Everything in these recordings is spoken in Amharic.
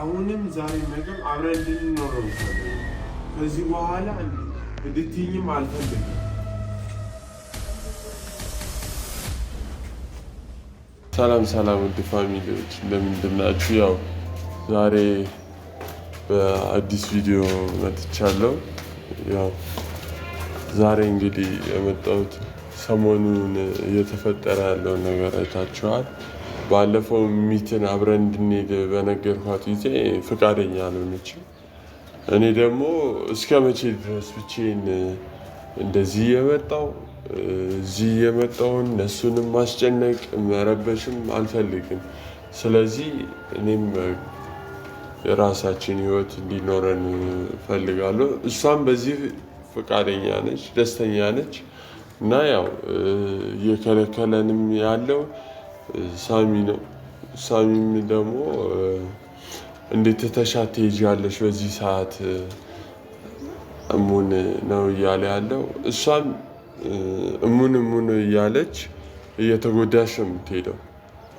አሁንም ዛሬ ነገር አብረን እንድንኖር ነው። ከዚህ በኋላ እንድትይኝም አልፈልግም። ሰላም ሰላም፣ ውድ ፋሚሊዎች እንደምንድን ናችሁ? ያው ዛሬ በአዲስ ቪዲዮ መጥቻለሁ። ያው ዛሬ እንግዲህ የመጣሁት ሰሞኑን እየተፈጠረ ያለውን ነገር አይታችኋል። ባለፈው ሚትን አብረን እንድንሄድ በነገርኳት ጊዜ ፍቃደኛ አልሆነችም። እኔ ደግሞ እስከ መቼ ድረስ ብቼን እንደዚህ እየመጣው እዚህ እየመጣውን እነሱንም ማስጨነቅ መረበሽም አልፈልግም። ስለዚህ እኔም የራሳችን ህይወት እንዲኖረን እፈልጋለሁ። እሷም በዚህ ፈቃደኛ ነች፣ ደስተኛ ነች። እና ያው እየከለከለንም ያለው ሳሚ ነው። ሳሚም ደግሞ እንዴት ትተሻት ትሄጃለሽ በዚህ ሰዓት እሙን ነው እያለ ያለው። እሷም እሙን እሙን እያለች እየተጎዳሽ ነው የምትሄደው።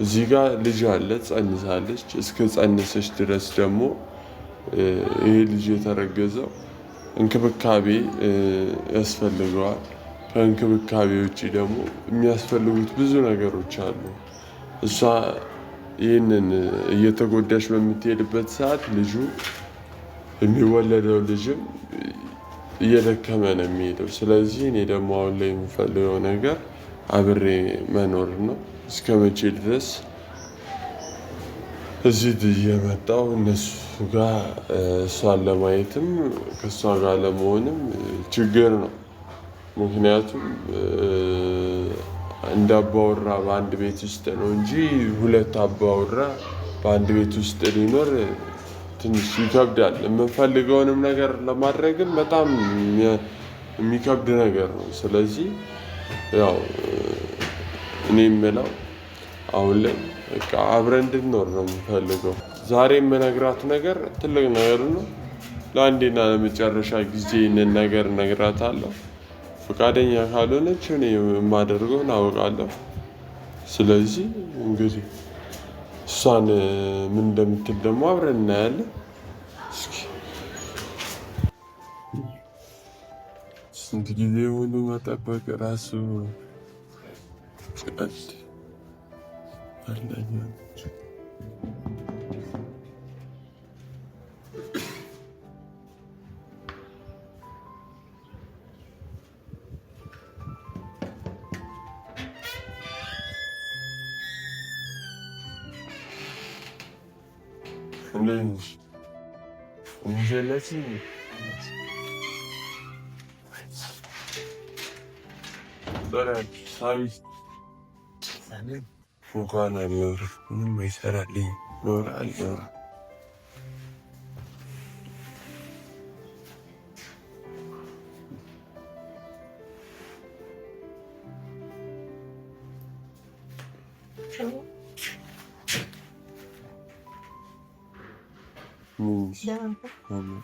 እዚህ ጋር ልጅ አለ፣ ጸንሳለች። እስከ ጸንሰች ድረስ ደግሞ ይሄ ልጅ የተረገዘው እንክብካቤ ያስፈልገዋል። ከእንክብካቤ ውጭ ደግሞ የሚያስፈልጉት ብዙ ነገሮች አሉ። እሷ ይህንን እየተጎዳች በምትሄድበት ሰዓት ልጁ የሚወለደው ልጅም እየደከመ ነው የሚሄደው። ስለዚህ እኔ ደግሞ አሁን ላይ የምፈልገው ነገር አብሬ መኖር ነው። እስከ መቼ ድረስ እዚህ እየመጣው እነሱ ጋር እሷን ለማየትም ከእሷ ጋር ለመሆንም ችግር ነው። ምክንያቱም እንደ አባወራ በአንድ ቤት ውስጥ ነው እንጂ ሁለት አባወራ በአንድ ቤት ውስጥ ሊኖር ትንሽ ይከብዳል። የምንፈልገውንም ነገር ለማድረግም በጣም የሚከብድ ነገር ነው። ስለዚህ ያው እኔ የምለው አሁን ላይ በቃ አብረን እንድንኖር ነው የምፈልገው። ዛሬ የምነግራት ነገር ትልቅ ነገር ነው። ለአንዴና ለመጨረሻ ጊዜ ይህንን ነገር እነግራታለሁ። ፈቃደኛ ካልሆነች እኔ የማደርገውን አውቃለሁ። ስለዚህ እንግዲህ እሷን ምን እንደምትል ደግሞ አብረን እናያለን። እስኪ ስንት ጊዜ ሙሉ መጠበቅ ራሱ አለኛ Oyuncu ellersin mi? Dönem, sabit. Senin? Bu mürif, bunun meyser Ali. Nur Ali, nur.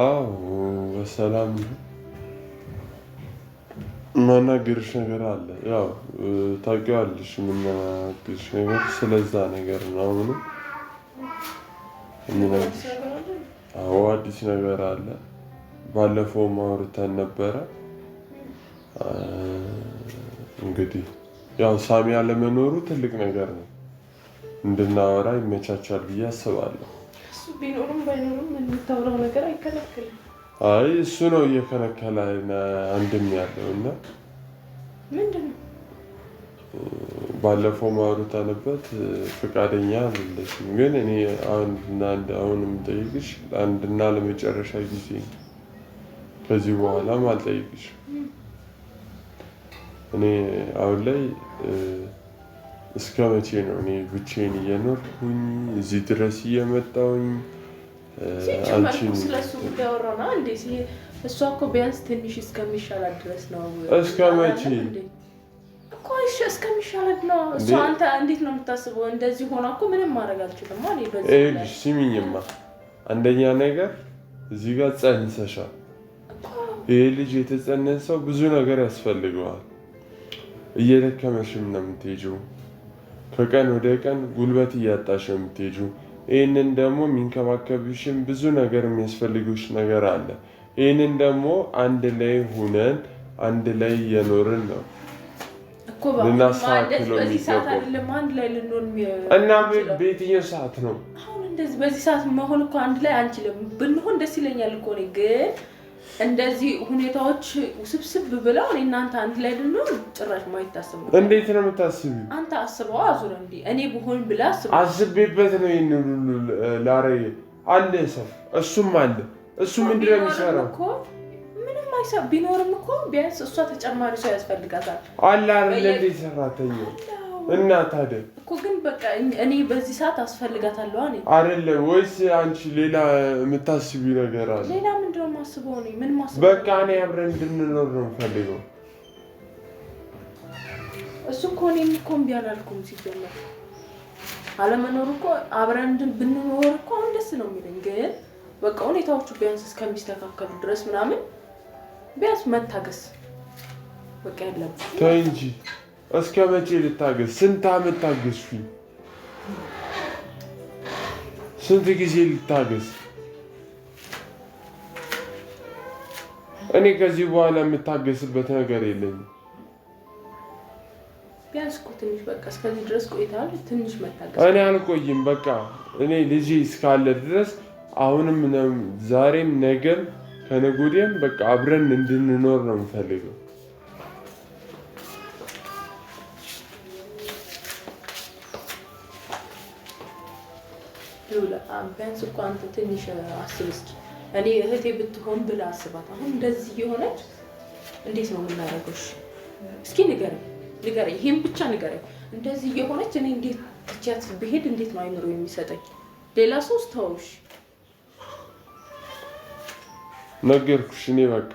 አዎ በሰላም መናገርሽ ነገር አለ። ያው ታውቂዋለሽ፣ የምናገርሽ ነገር ስለዛ ነገር ነው። ምንም አዎ አዲስ ነገር አለ። ባለፈው ማውርተን ነበረ። እንግዲህ ያው ሳሚ አለመኖሩ ትልቅ ነገር ነው። እንድናወራ ይመቻቻል ብዬ አስባለሁ። ቢኖርም ባይኖርም የምታወራው ነገር አይከለክልም። አይ እሱ ነው እየከለከለ አንድም ያለው እና ምንድን ነው ባለፈው ማውራት አለበት ፈቃደኛ አይደለችም። ግን እኔ አንድና አንድ አሁን የምጠይቅሽ አንድና ለመጨረሻ ጊዜ ነው። ከዚህ በኋላ አልጠይቅሽ እኔ አሁን ላይ እስከ መቼ ነው እኔ ብቼን እየኖርኩኝ እዚህ ድረስ እየመጣውኝ እሷ እኮ ቢያንስ ትንሽ እስከሚሻላት ድረስ ነው። እስከ መቼ እስከሚሻላት ነው? እሷ አንተ እንዴት ነው የምታስበው? እንደዚህ ሆና እኮ ምንም ማድረግ አልችልም። ይኸውልሽ ስሚኝማ፣ አንደኛ ነገር እዚህ ጋር ጸንሰሻል። ይህ ልጅ የተጸነሰው ብዙ ነገር ያስፈልገዋል። እየደከመሽም ነው የምትሄጂው ከቀን ወደ ቀን ጉልበት እያጣሽ ነው ይህንን ደግሞ የሚንከባከብሽን ብዙ ነገር የሚያስፈልግሽ ነገር አለ። ይህንን ደግሞ አንድ ላይ ሁነን አንድ ላይ እየኖርን ነው ልናስተካክለው እና በየትኛው ሰዓት ነው? አሁን እንደዚህ በዚህ ሰዓት መሆን እኮ አንድ ላይ አንችልም። ብንሆን ደስ ይለኛል እኮ እኔ ግን እንደዚህ ሁኔታዎች ውስብስብ ብለው እኔ እናንተ አንድ ላይ ልንሆን ጭራሽ ማይታስብ ነው። እንዴት ነው የምታስቢው? አንተ አስበው አዙር እንዲ እኔ ብሆን ብለ አስበው። አስቤበት ነው ይህን ላሬ አለ ሰፍ እሱም አለ እሱ ምንድን ነው የሚሰራው? ምንም አይሰ- ቢኖርም እኮ ቢያንስ እሷ ተጨማሪ ሰው ያስፈልጋታል። አለ አይደል? እንዴት ሰራተኛ እና ታዲያ እኮ ግን በቃ እኔ በዚህ ሰዓት አስፈልጋታለሁ። እኔ አይደለ ወይስ አንቺ ሌላ የምታስቢው ነገር አለ? ሌላ ምንድን ነው የማስበው? እኔ ምን ማስበው? በቃ እኔ አብረን እንድንኖር ነው የምፈልገው። እሱ እኮ እኔም እኮ እምቢ አላልኩም። ሲጀመር አለመኖር እኮ አብረን ብንኖር እኮ አሁን ደስ ነው የሚለኝ፣ ግን በቃ ሁኔታዎቹ ቢያንስ እስከሚስተካከሉ ድረስ ምናምን ቢያንስ መታገስ በቃ ያለብን ተይ እንጂ እስከ መቼ ልታገስ? ስንት ዓመት ታገስሽኝ? ስንት ጊዜ ልታገስ? እኔ ከዚህ በኋላ የምታገስበት ነገር የለኝም። ቢያንስ እኮ ትንሽ በቃ እስከዚህ ድረስ ቆይተሃል። ትንሽ መታገስ እኔ አልቆይም። በቃ እኔ ልጅ እስካለ ድረስ አሁንም ዛሬም ነገም ከነገ ወዲያም በቃ አብረን እንድንኖር ነው የምፈልገው። ቢያንስ እኮ አንተ ትንሽ አስብ እስኪ እኔ እህቴ ብትሆን ብላ አስባት። አሁን እንደዚህ የሆነች እንዴት ነው የምናደርገው? እስኪ ንገረኝ፣ ንገረኝ፣ ይሄን ብቻ ንገረኝ። እንደዚህ የሆነች እኔ እንዴት ትቻት ብሄድ እንዴት ነው አይምሮ የሚሰጠኝ? ሌላ ሶስት ተውሽ ነገርኩሽ። እኔ በቃ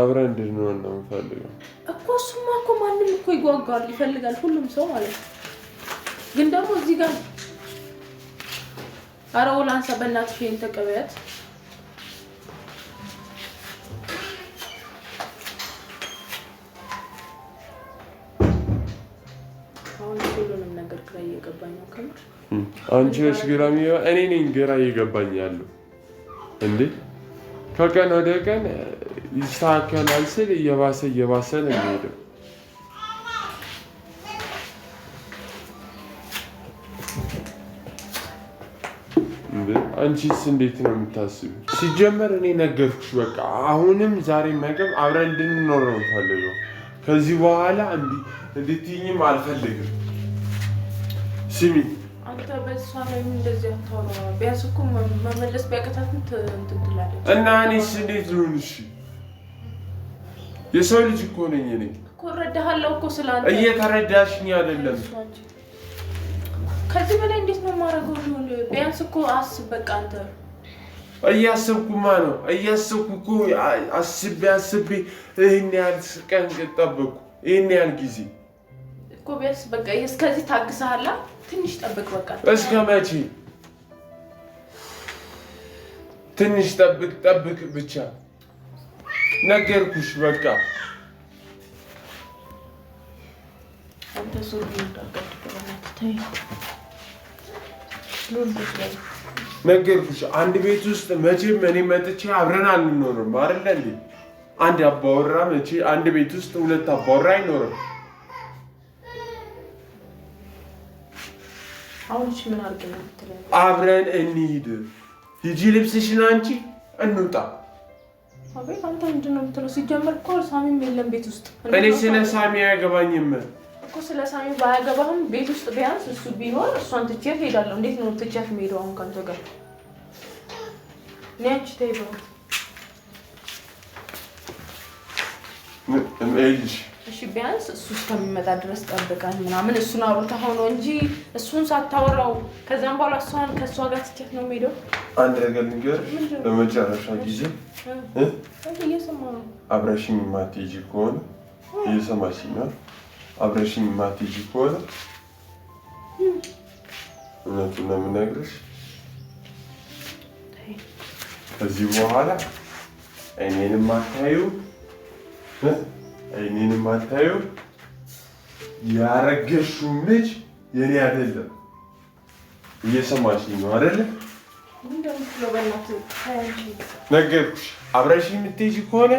አብረን እንድንሆን ነው የምፈልገው እኮ። እሱማ እኮ ማንም እኮ ይጓጓል፣ ይፈልጋል ሁሉም ሰው ማለት ነው። ግን ደግሞ እዚህ ጋር ኧረ ላንሳ በእናትሽ ተቀበያት። አንቺ ነሽ ግራ እኔ ነኝ ግራ እየገባኝ ያለው እንዴ። ከቀን ወደ ቀን ይስተካከላል ስል እየባሰ እየባሰ ነው የሚሄደው አንቺስ እንዴት ነው የምታስቢ? ሲጀመር እኔ ነገርኩሽ። በቃ አሁንም ዛሬ መገብ አብረን እንድንኖር ነው የምፈልገው። ከዚህ በኋላ እንድትይኝም አልፈልግም። ስሚ አንተ በእሷ ላይ እንደዚህ አታወራም። ቢያንስ እኮ መመለስ ቢያቀታት እንትን እና እኔስ እንዴት ልሁን? እሺ የሰው ልጅ እኮ ነኝ እኔ እኮ እረዳሃለሁ እኮ ስለ እየተረዳሽኝ አይደለም ከዚህ በላይ እንዴት ነው የማደርገው? ሊሆን ቢያንስ እኮ አስብ። በቃ አንተ እያስብኩማ ነው እያስብኩ እኮ አስቤ አስቤ ይህን ያህል ቀን ጠበኩ፣ ይህን ያህል ጊዜ እኮ ቢያንስ በቃ እስከዚህ ታግሰሃላ። ትንሽ ጠብቅ በቃ። እስከ መቼ ትንሽ ጠብቅ ጠብቅ ብቻ ነገርኩሽ። በቃ አንተ ነገርኩሽ። አንድ ቤት ውስጥ መቼም እኔ መጥቼ አብረን አንኖርም አይደለ እንዴ? አንድ አባወራ መቼ አንድ ቤት ውስጥ ሁለት አባወራ አይኖርም። አብረን እንሂድ። ሂጂ፣ ልብስሽን አንቺ፣ እንውጣ። አቤት አንተ ምንድን ነው የምትለው? ሲጀመር እኮ ሳሚም የለም ቤት ውስጥ። እኔ ስለ ሳሚ አያገባኝም። እኮ ስለ ሳሚ ባያገባህም ቤት ውስጥ ቢያንስ እሱ ቢኖር እሷን ትቼት ሄዳለሁ። እንዴት ነው ትቼት የምሄደው? አሁን ከአንተ ጋር ኒያች ተይበ እሺ ቢያንስ እሱ እስከሚመጣ ድረስ ጠብቀን ምናምን እሱን አውርታ ሆኖ እንጂ እሱን ሳታወራው ከዚያም በኋላ እሷን ከእሷ ጋር ትቼት ነው የምሄደው። አንድ ነገር ንገር፣ በመጨረሻ ጊዜ እየሰማ ነው አብረሽኝ ማትሄጂ ከሆነ እየሰማሽኝ ነው አብረሽኝ ማትሄጂ ከሆነ እውነቱን ነው የምነግርሽ። ከዚህ በኋላ እኔንም አታዩ እኔንም አታዩ። ያረገሽውም ልጅ የኔ አይደለም። እየሰማሽኝ ነው አይደለ? ነገርኩሽ። አብረሽኝ የምትሄጂ ከሆነ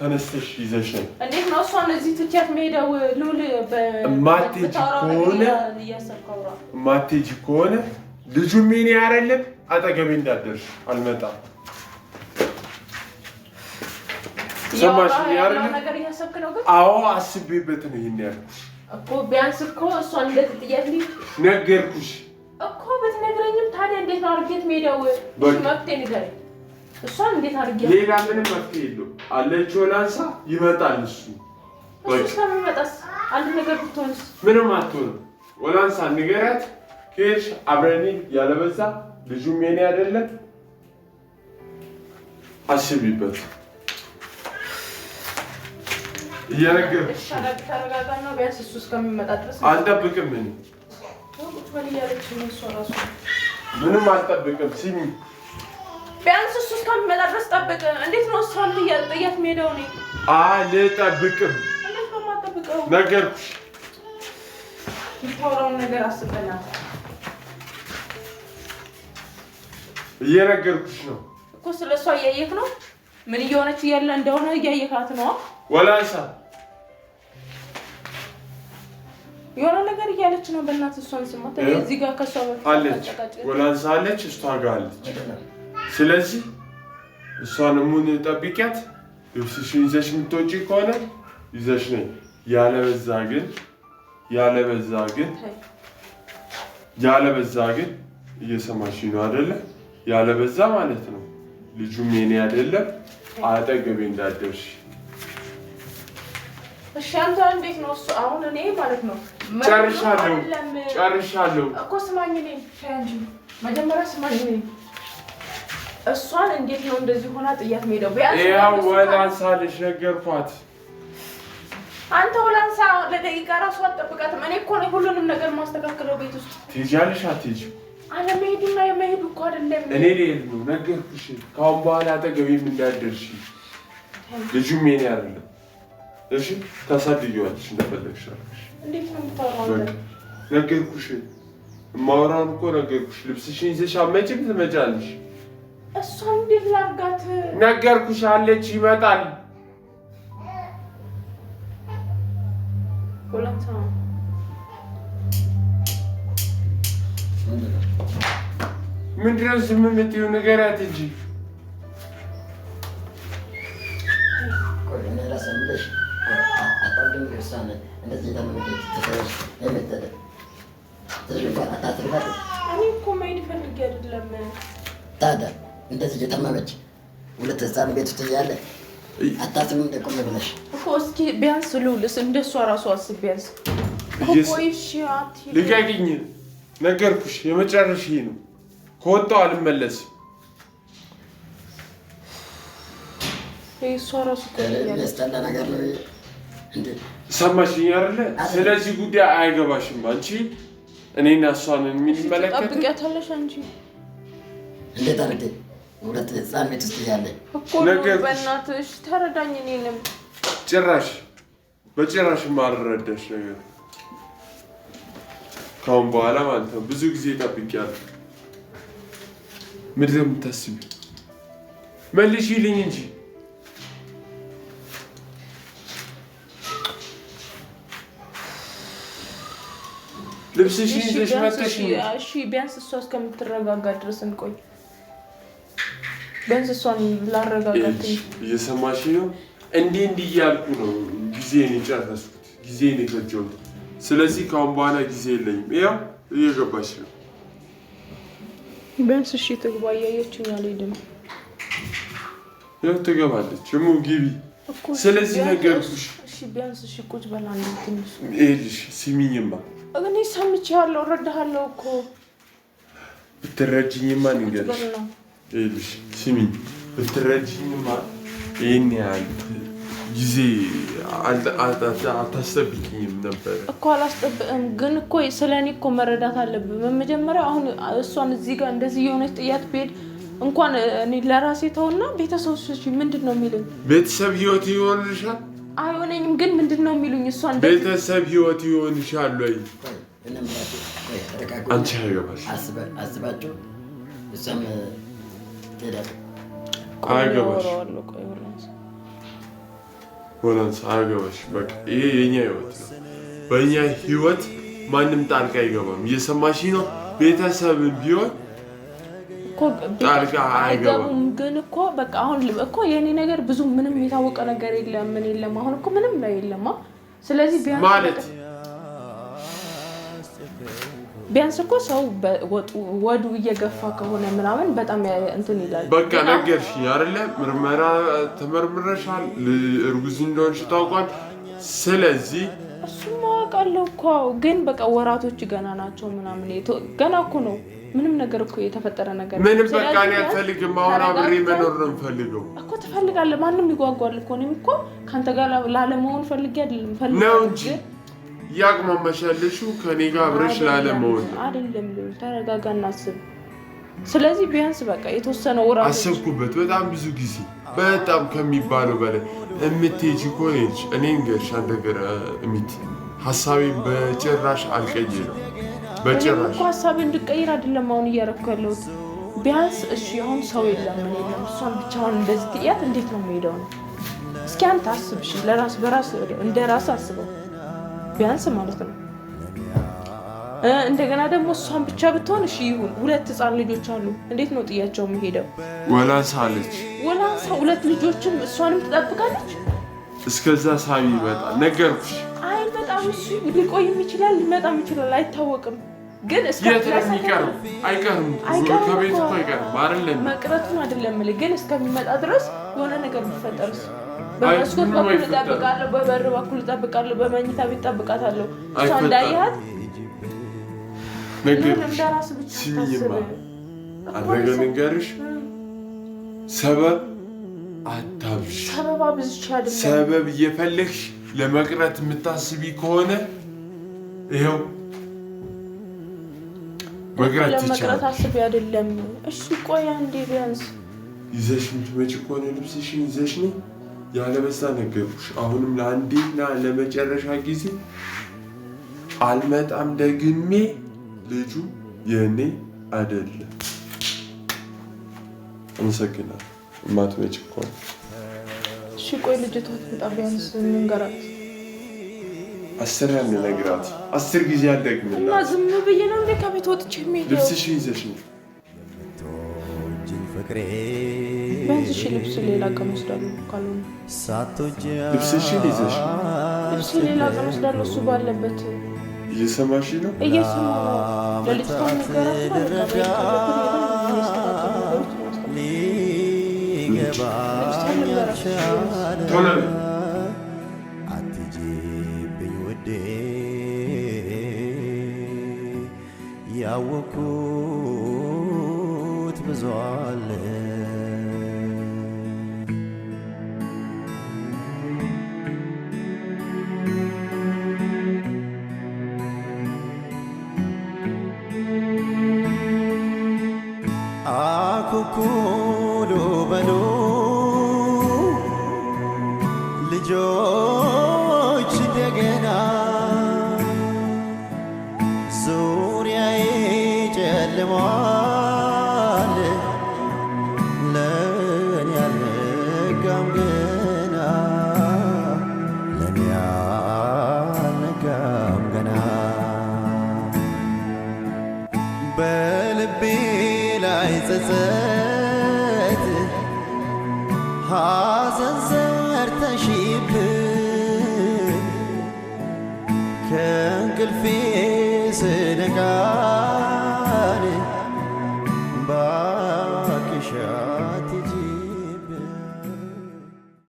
ተነስተሽ ይዘሽ ነው። እንዴት ነው እሷን እዚህ ትቻት መሄደው? ሉል ማቴጅ ከሆነ ማቴጅ ከሆነ ልጁ ምን ያረለም አጠገቤ እንዳደርሽ አልመጣም። ሰማሽ? አዎ አስቤበት ነው ይሄን ያልኩሽ እኮ። ቢያንስ እኮ እሷን እንደትጥያለሽ ነገርኩሽ እኮ። ብትነግረኝም ታዲያ እንዴት ነው አድርጌት መሄደው? መፍትሄ ንገረኝ እሷን እንዴት አድርጌ ሌላ ምንም መፍትሄ የለው አለች አንሳ ይመጣል። እሱ እስከሚመጣስ አንድ ነገር ብትሆንስ? ምንም አትሆንም። ወላንሳ ንገሪያት፣ ከሄድሽ አብረኒ ያለበዛ ልጁም የኔ አይደለም። አስቢበት። እየነገርኩሽ አልጠብቅም። ምንም አልጠብቅም። ሲሚ ቢያንስ እሱ እስከሚመጣ ድረስ ጠብቅ። እንዴት ነው እሷን ጥያት ሄደው? እኔ አልጠብቅም። እንዴት ነው የማጠብቀው? ነገር አስበናል። እየነገርኩሽ ነው እኮ ስለ እሷ እያየክ ነው። ምን እየሆነች እያለ እንደሆነ እያየካት ነው። ወላንሳ የሆነ ነገር እያለች ነው። በእናትህ እሷን ስማ። እዚህ ጋር ከእሷ በፊት አለች። ወላንሳ አለች፣ እሷ ጋር አለች ስለዚህ እሷን ሙን ጠብቂያት። ልብስሽን ይዘሽ የምትወጪ ከሆነ ይዘሽ ነኝ። ያለበዛ ግን ያለበዛ ግን ያለበዛ ግን እየሰማሽ ነው አይደለ? ያለበዛ ማለት ነው ልጁም የኔ አይደለም። አጠገቤ እንዳደርሽ እሺ። አንተ እንዴት ነው እሱ? አሁን እኔ ማለት ነው እሷን እንዴት ነው እንደዚህ ሆና ጥያት ሄደው? ያው ወላንሳ ነገርኳት። አንተ ወላንሳ ለደቂቃ ራሱ አትጠብቃትም። እኔ እኮ ሁሉንም ነገር ማስተካከለው ቤት ውስጥ ትሄጃለሽ። አትሄጂም። አለመሄዱና የመሄዱ እኮ አይደለም። እኔ ልሄድ ነው ነገርኩሽ። ካሁን በኋላ አጠገቤም እንዳትደርሺ። ልጁም የእኔ አይደለም። እሺ፣ ታሳድጊዋለሽ እንደፈለግሽ። ነገርኩሽ። የማወራውን እኮ ነገርኩሽ። ልብስሽን ይዘሽ አትመጭም፣ ትመጫለሽ እሷ እንዴት ላድርጋት? ነገርኩሽ አለች ይመጣል። ምንድነው ነው ዝም የምትይው? ንገሪያት እንጂ እኔ እኮ መሄድ ፈልጌ አይደለም ታዲያ እንደዚህ እየጠመመች ሁለት ህፃን ቤት ውስጥ ያለ አታስብም? እንደቆመ ብለሽ እኮ እስኪ ቢያንስ ልውልስ እንደሷ ራሱ አስብ። ቢያንስ ልቀቂኝ፣ ነገርኩሽ። የመጨረሽ ይህ ነው። ከወጣው አልመለስ ሰማሽኝ አይደለ? ስለዚህ ጉዳይ አይገባሽም አንቺ። እኔና እሷን የሚመለከት ጠብቂያታለሽ አንቺ እንዴት አድርጌ ሁለት ህፃን ቤት ውስጥ እያለኝ በእናትሽ ተረዳኝ። እኔንም ጭራሽ በጭራሽ ማልረዳሽ ነገር ካሁን በኋላ ማለት ነው። ብዙ ጊዜ ጠብቄያለሁ። ምድር ነው የምታስቢው? መልሺልኝ እንጂ ልብስሽን ይዘሽ መተሽ። እሺ ቢያንስ እሷ እስከምትረጋጋ ድረስ እንቆይ። ቢያንስ እሷን ላረጋጋት። እየሰማሽ ነው? እንዲህ እንዲህ እያልኩ ነው ጊዜን የጨረስኩት ጊዜን የፈጀሁት። ስለዚህ ከአሁን በኋላ ጊዜ የለኝም። ያው እየገባሽ ነው። ቢያንስ እሺ ትግባ። እያየችኝ አልሄድም። ያው ትገባለች። እሙ ግቢ። ስለዚህ ነገርኩሽ። ቢያንስ እሺ ቁጭ በላ ትንሽ ስሚኝማ እኔ ሰምቼ ያለው እረዳሃለሁ እኮ ብትረጅኝማ ንገርሽ ስሚ ብትረጅኝማ ይህን ያህል ጊዜ አታስጠብቅኝም ነበር እኮ። አላስጠብቅም ግን እኮ ስለ እኔ እኮ መረዳት አለብን። በመጀመሪያ አሁን እሷን እዚህ ጋር እንደዚህ የሆነች ጥያት ብሄድ እንኳን ለራሴ ተውና ቤተሰቦች ምንድን ነው የሚሉኝ? ቤተሰብ ህይወት ይሆንሻል አይሆነኝም፣ ግን ምንድን ነው የሚሉኝ? እሷን ቤተሰብ ህይወት ይሆንሻል ወይ አንቺ ያገባሽ አስባቸው እሷም አያገባሽ። በቃ ይሄ የኛ ህይወት ነው። በእኛ ህይወት ማንም ጣልቃ አይገባም። እየሰማሽ ነው? ቤተሰብን ቢሆን ጣልቃ አይገባም። ግን እኮ በቃ አሁን እኮ የእኔ ነገር ብዙ ምንም የታወቀ ነገር የለም። ምን የለም። አሁን እኮ ምንም ላይ የለማ። ስለዚህ ቢያንስ ማለት ቢያንስ እኮ ሰው ወዱ እየገፋ ከሆነ ምናምን በጣም እንትን ይላል። በቃ ነገርሽ አይደለ? ምርመራ ተመርምረሻል፣ እርጉዝ እንደሆንሽ ታውቋል። ስለዚህ እሱማ አውቃለሁ እኮ ግን በቃ ወራቶች ገና ናቸው ምናምን ገና እኮ ነው። ምንም ነገር እኮ የተፈጠረ ነገር ምንም በቃ እኔ አልፈልግም። አሁን አብሬ መኖር ነው የምፈልገው እኮ። ትፈልጋለህ፣ ማንም ይጓጓል እኮ። እኔም እኮ ከአንተ ጋር ላለመሆን ፈልጌ አይደለም ፈልግ ነው እንጂ እያቅማማሽ ያለሽው ከኔ ጋር አብረሽ ላለመሆን አይደለም። ተረጋጋ እናስብ። ስለዚህ ቢያንስ በቃ የተወሰነ ወራ አሰብኩበት። በጣም ብዙ ጊዜ በጣም ከሚባለው በላይ እምትሄጂ እኮ ነች። እኔ ንገርሽ አንድ ነገር እሚት ሀሳቤን በጭራሽ አልቀይርም። በጭራሽ እኮ ሀሳቤን እንድቀይር አይደለም አሁን እያደረኩ ያለሁት። ቢያንስ እሺ፣ አሁን ሰው የለም ምን የለም። እሷን ብቻውን እንደዚህ ጥያት እንዴት ነው የምሄደው ነው? እስኪ አንተ አስብሽ፣ ለራስ በራስ እንደ ራስ አስበው ቢያንስ ማለት ነው። እንደገና ደግሞ እሷን ብቻ ብትሆን እሺ ይሁን። ሁለት ህፃን ልጆች አሉ። እንዴት ነው ጥያቸው የሚሄደው? ወላንሳ አለች። ወላንሳ ሁለት ልጆችም እሷንም ትጠብቃለች። እስከዛ ሳቢ ይመጣል። ነገርኩሽ። አይ በጣም እሱ ሊቆይም ይችላል ሊመጣም ይችላል አይታወቅም። ግን እስከሚቀርም አይቀርም መቅረቱን አይደለም፣ ግን እስከሚመጣ ድረስ የሆነ ነገር ቢፈጠርስ በመስኮት በኩል እጠብቃለሁ፣ በበር በኩል እጠብቃለሁ፣ በመኝታ ቤት እጠብቃታለሁ። እሷ እንዳያት አድረገ ንገርሽ ሰበብ አታብሽ። ሰበብ እየፈለግሽ ለመቅረት የምታስቢ ከሆነ ይኸው መቅረት ይቻላል። ለመቅረት አይደለም። እሺ ቆይ አንዴ ቢያንስ ይዘሽ የምትመጪ ከሆነ ልብስሽን ይዘሽ ነው ያለበሳ ነገርኩሽ። አሁንም ለአንዴና ለመጨረሻ ጊዜ አልመጣም ደግሜ። ልጁ የእኔ አይደለም። አመሰግናል። እማትመጭ እኮ ነው። እሺ፣ ቆይ ልጅቷ ትመጣ ቢያንስ ምንገራት? አስር ያን ነግራት፣ አስር ጊዜ አልደግምላት እና ዝም ብዬ ነው እንደ ከቤት ወጥቼ የሚሄደው ልብስሽ ይዘሽ ነው ፍቅሬ ቢያንስ ልብስ ሌላ ቀን ወስዳለሁ ልብስ ይዘሽ ልብስ ሌላ ቀን ወስዳለሁ እሱ ባለበት እየሰማሽ ነው? እየሰማ ነው። ያወኩ more